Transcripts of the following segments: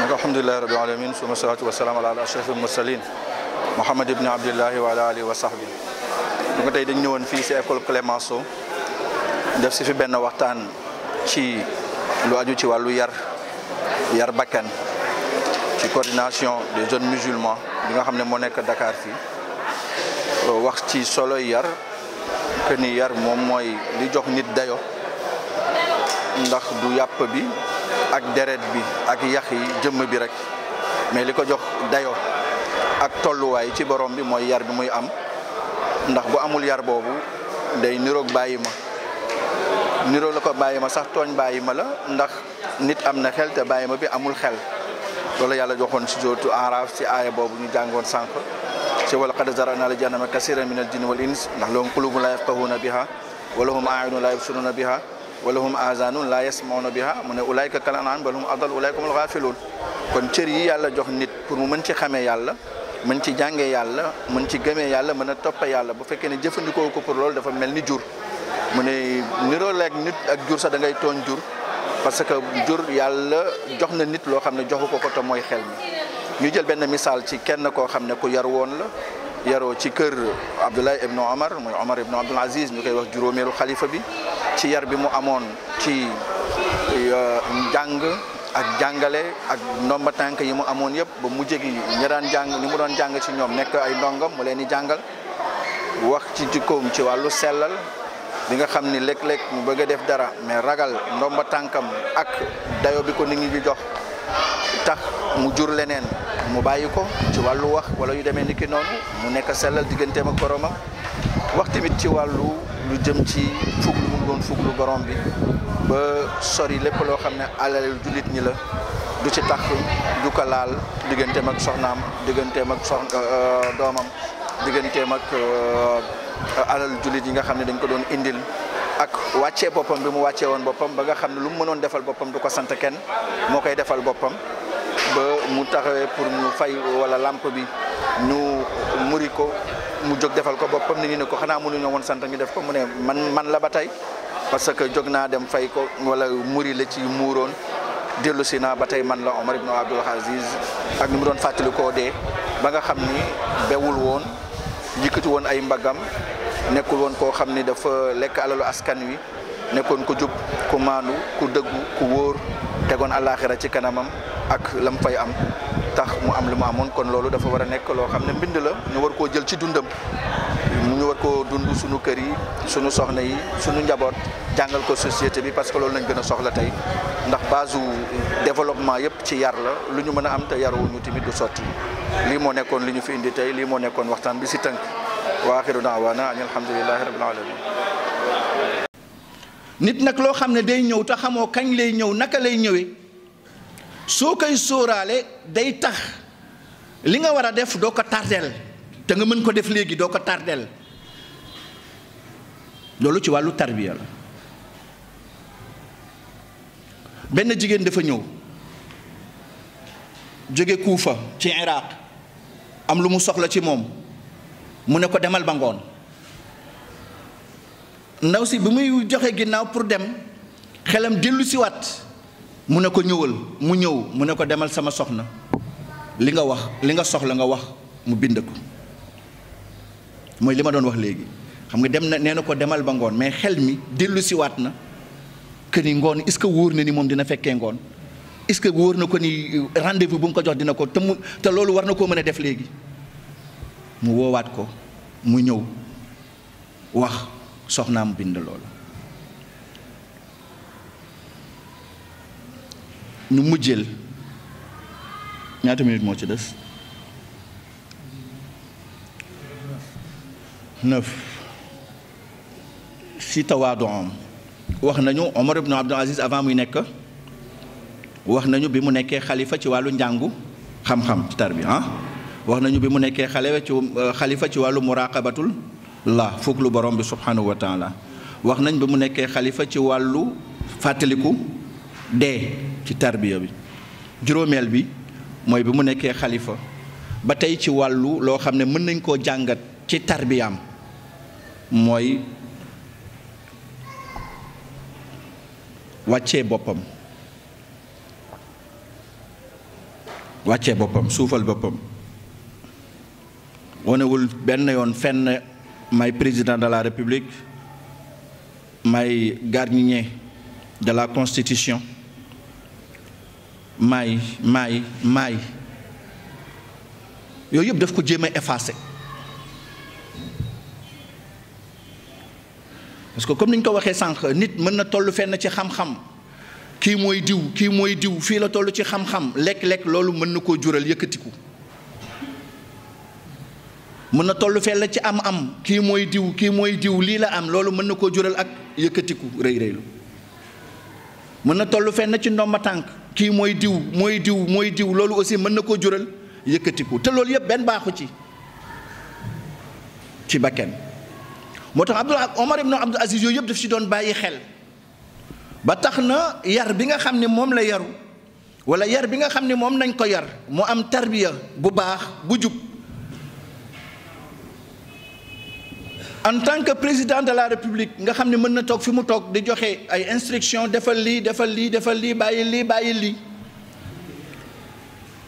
nag alhamdulilahi rabbil alamin suma salaatu wasalaam ala ashrafil mursalin Mouhamad ibni Abdillahi wa ala alihi wa sahbi bu ko tey dañ ñëwoon fii si école Clémenceau def si fi benn waxtaan ci lu aju ci wàllu yar yar bakkan ci coordination des jeunes musulmans bi nga xam ne moo nekk dakaar fii wax ci solo yar que yar moom mooy li jox nit dayo ndax du yàpp bi ak deret bi ak yax yi jëmm bi rek mais li ko jox dayoo ak tolluwaay ci borom bi mooy yar bi muy am ndax bu amul yar boobu day niroog bàyyi ma niroo la ko bàyyi ma sax tooñ bàyyi ma la ndax nit am na xel te bàyyi ma bi amul xel loolu yàlla joxoon si jootu Araaf si aaya boobu ñu jàngoon sànq si wala qad zarana li jahannama kasiran min al jinni wal ins ndax lahum qulubun la yafqahuna biha wa lahum a'yunun la yubsiruna biha wala hum azanun la yasmauna biha mu ne ulaayka kal an'am bal hum adal ulaayka humul ghafilun kon cër yi yàlla jox nit pour mu mën ci xamee yàlla mën ci jàngee yàlla mën ci gëmee yàlla mën a toppa yàlla bu fekkee ne jëfandikoo ko pour loolu dafa mel ni jur mu ne niroo leeg nit ak jur sax da ngay tooñ jur parce que jur yàlla jox na nit loo xam ne joxu ko koto mooy xel mi ñu jël benn misaal ci kenn koo xam ne ku yar woon la yaroo ci kër Abdoulaye ibnu Omar muy Omar ibnu Abdul Aziz mi koy wax juróomeelu bi ci yar bi mu amoon ci euh, njàng ak jàngale ak ndomba tànk yi mu amoon yëpp ba mu gi ñi daan jàng ni mu doon jàng ci ñoom nekk ay ndongam mu leen di jàngal wax ci jikkoom ci wàllu sellal bi nga xam ni léeg-léeg mu bëgg a def dara mais ragal ndomba tànkam ak dayo bi ko nit ñi di jox tax mu jur leneen mu bàyyi ko ci wàllu wax wala yu demee ni ki noonu mu nekk sellal digganteem ak boromam wax tamit ci wàllu lu jëm ci fukk lu mu doon fukk lu bi ba sori lépp loo xam ne alal jullit ñi la du ci tax du ko laal digganteem ak soxnaam digganteem ak soxna euh, euh, doomam digganteem ak euh, alal jullit yi nga xam ne dañ ko doon indil ak wàccee boppam bi mu wàccee woon boppam ba nga xam ne lu mu mënoon defal boppam du ko sant kenn moo koy defal ba mu taxawee pour mu fay wala lamp bi ñu muri ko mu jóg defal ko boppam nit ñi ne ko xanaa mënuñoo woon sant ñu def ko mu ne man man la ba tey parce que jog naa dem fay ko wala muri la ci muuroon dellu si naa ba tey man la Omar ibn Abdul Aziz ak ni mu doon fàttali koo dee ba nga xam ni bewul woon yëkkati woon ay mbagam nekkul woon koo xam ni dafa lekk alalu askan wi nekkoon ku jub ku maandu ku dëggu ku wóor tegoon àllaaxira ci kanamam ak lam fay am tax mu am lu mu amoon kon loolu dafa war a nekk loo xam ne mbind la ñu war koo jël ci dundam mu ñu war koo dund suñu kër yi sunu soxna yi suñu njaboot jàngal ko société bi parce que loolu lañ gën a soxla tey ndax base développement yëpp ci yar la lu ñu mën a am te yaruwuñu tamit du sotti lii moo nekkoon li ñu fi indi tey lii moo nekkoon waxtaan bi si tënk waa wa naa daawaana ani alhamdulilahi rabbil alamin nit nag loo xam ne day ñëw te xamoo kañ lay ñëw naka lay ñëwee soo koy sóoraale day tax li nga war a def doo ko tardeel te nga mën ko def léegi doo ko tàrdeel loolu ci wàllu tarbiya la benn jigéen dafa ñëw jóge Kuufa ci Iraq am lu mu soxla ci moom mu ne ko demal ba ngoon ndaw si bi muy joxe ginnaaw pour dem xelam dellu siwaat mu ne ko ñëwal mu ñëw mu ne ko demal sama soxna li nga wax li nga soxla nga wax mu bind ko mooy li ma doon wax léegi xam nga dem na nee na ko demal ba ngoon mais xel mi dellu siwaat na que ni ngoon est-ce que wóor na ni moom dina fekkee ngoon est-ce que wóor na ko ni euh, rendez-vous bu mu ko jox dina ko te mu te loolu war na koo mën a def léegi mu woowaat ko mu ñëw wax soxnaa mu bind loolu ñu mujjeel ñaata minute moo ci des neuf wax nañu Omar ibn Abdul Aziz avant muy nekk wax nañu bi mu nekkee xalifa ci wàllu njàngu xam-xam ci tarbi ah wax nañu bi mu nekkee xale euh, xalifa ci wàllu muraqabatul la fukk lu borom bi subhanahu wa taala wax nañ bi mu nekkee xalifa ci wàllu fàttaliku dee ci tarbiya bi juróomeel bi mooy bi mu nekkee xalifa ba tey ci wàllu loo xam ne mën nañ koo jàngat ci tarbiyaam mooy wàccee boppam wàccee boppam suufal boppam wanewul benn yoon fenn may président de la république may gardien de la constitution maay maay maay yooyu yëpp daf ko jéem a effacé parce que comme ni ñu ko waxee sànq nit mën na toll fenn ci xam-xam kii mooy diw kii mooy diw fii la toll ci xam-xam lekk-lekk loolu mën na koo jural yëkkatiku mën na toll fenn ci am-am kii mooy diw kii mooy diw lii la am loolu mën na koo jural ak yëkkatiku rëy na toll fenn ci ndomba tànk kii mooy diw mooy diw mooy diw loolu aussi mën na koo jural yëkkatiku te loolu yëpp benn baaxu ci ci bakken moo tax Abdul Omar ibn Abdul Aziz yooyu yëpp daf ci doon bàyyi xel ba tax na yar bi nga xam ne moom la yaru wala yar bi nga xam ne moom nañ ko yar mu am tarbiya bu baax bu jub en tant que président de la république nga xam ne mën na toog fi mu toog di joxe ay instructions defal lii defal lii defal lii bàyyi lii bàyyi lii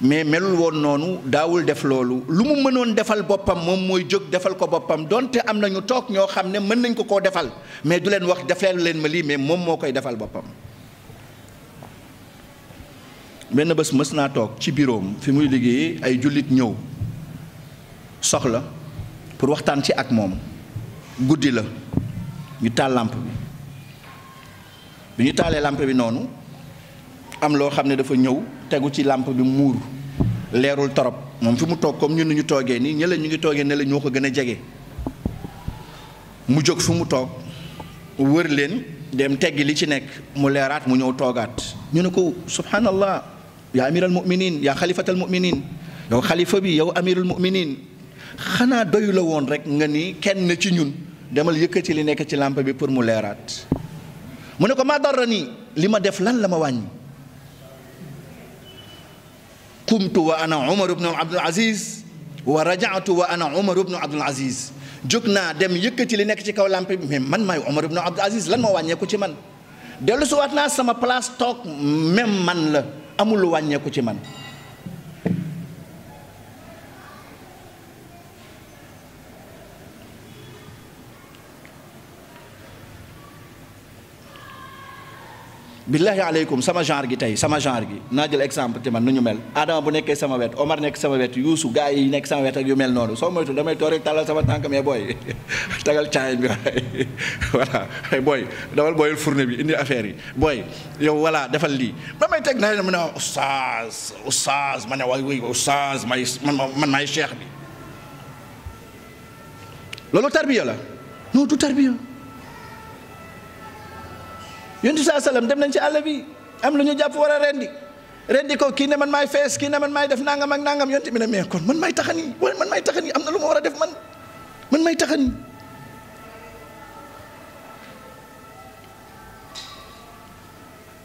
mais melul woon noonu daawul def loolu lu mu mënoon defal boppam moom mooy jóg defal ko boppam donte am na ñu toog ñoo xam ne mën nañ ko koo defal mais du leen wax defal leen ma lii mais moom moo koy defal boppam. benn bés mës naa toog ci biiroom fi muy liggéeyee ay jullit ñëw soxla pour waxtaan ci ak moom. guddi la ñu taal làmp bi bi ñu taalee làmp bi noonu am loo xam ne dafa ñëw tegu ci làmp bi muur leerul torop moom fi mu toog comme ñun ni ñu toogee nii ñële ñu ngi toogee ne la ñoo ko gën a jege mu jóg fi mu toog wër leen dem teggi li ci nekk mu leeraat mu ñëw toogaat ñu ne ko subhanallah yaa amiral muminin yaa xalifatal muminin yow xalifa bi yow amirul muminin xanaa doyu la woon rek nga ni kenn ci ñun demal yëkkati li nekk ci làmp bi pour mu leeraat mu ne ko maa dara nii li ma def lan la ma wàññi qumtu wa ana umar ibnu abdul aziz wa rajaatu wa ana umar ibnu abdul aziz jóg naa dem yëkkati li nekk ci kaw làmp bi mais man maay umar ibnu abdul aziz lan ma wàññeeku ci man dellu si waat naa sama place toog même man la amul wàññeeku ci man billahi aleykum sama genre gi tey sama genre gi naa jël exemple ci man nu ñu mel Adama bu nekkee sama wet Omar nekk sama wet Youssou gars yi nekk sama wet ak yu mel noonu soo moytu damay toog rek tàllal sama tànk mais booy tagal caay bi voilà booy dawal booyul fourne bi indi affaire yi booy yow voilà defal lii ba may teg na mu ne oustaz oustaz ma ne waay waay oustaz may man man maay cheikh bi loolu tarbiya la non du tarbiya yonent saa salaam dem nañ ci àll bi am lu ñu jàpp war a rendi rendi ko kii ne man maay fees kii ne man maay def nangam ak nangam yonent bi ne mais kon man may taxani wala man maay taxani am na lu ma war a def man man taxan taxani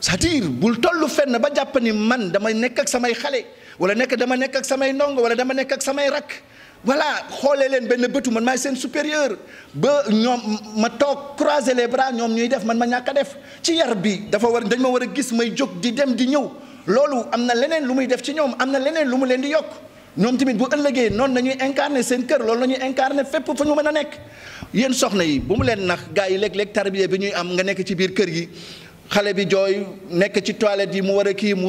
c'est-à-dire bul tollu fenn ba jàpp ni man dama nekk ak samay xale wala nekk dama nekk ak samay ndongo wala dama nekk ak samay rakk voilà xoolee leen benn bëtu man maay seen supérieur ba ñoom ma toog croiser les bras ñoom ñuy def man ma ñàkk a def ci yar bi dafa war dañ ma war a gis may jóg di dem di ñëw loolu am na leneen lu muy def ci ñoom am na leneen lu mu leen di yokk ñoom tamit bu ëllëgee noonu la ñuy incarner seen kër loolu la ñuy incarner fépp fu ñu mën a nekk yéen soxna yi bu mu leen nax gaa yi léeg-léeg tarbiya bi ñuy am nga nekk ci biir kër gi xale bi jooy nekk ci toilette yi mu war a kii mu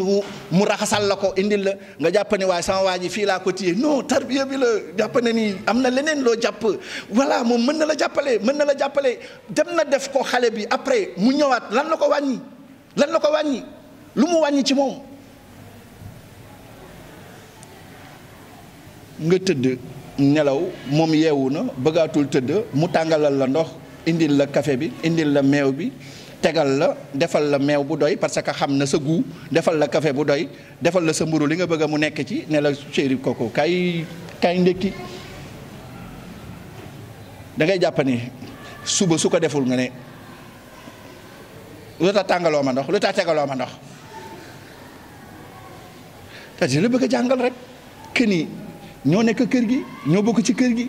mu raxasal la ko indil la nga jàpp ne waaye sama waa ji fii laa ko téye non tarbiya bi la jàpp ne nii am na leneen loo jàpp voilà moom mën na la jàppale mën na la jàppale dem na def ko xale bi après mu ñëwaat lan la ko wàññi lan la ko wàññi lu mu wàññi ci moom nga tëdd nelaw moom yeewu na bëggaatul tëdd mu tàngalal la ndox indil la kafe bi indil la meew bi tegal la defal la meew bu doy parce que xam na sa goût defal la kafe bu doy defal la sa mburu li nga bëgg mu nekk ci ne la chéri kooku kay kay ndékki da ngay jàpp ni suba su ko deful nga ne lu tax tàngaloo ma ndox lu tax tegaloo ma ndox c'est-à-dire la bëgg jàngal rek que ni ñoo nekk kër gi ñoo bokk ci kër gi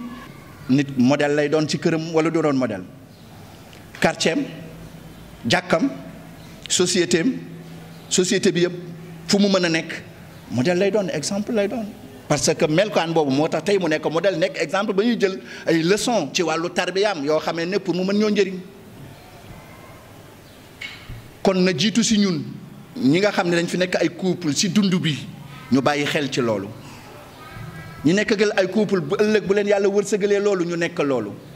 nit model lay doon ci këram wala du doon modèle quartier jàkkam société am société bi yëpp fu mu mën a nekk modèle lay doon exemple lay doon parce que melkaan boobu moo tax tey mu nekk modèle nekk exemple ba ñuy jël ay leçon ci wàllu tarbiyaam yoo xamee ne pour mu mën ñoo njëriñ kon na jiitu si ñun ñi nga xam ne dañ fi nekk ay couple si dund bi ñu bàyyi xel ci loolu ñu nekk gël ay couple bu ëllëg bu leen yàlla wër wërsëgalee loolu ñu nekk loolu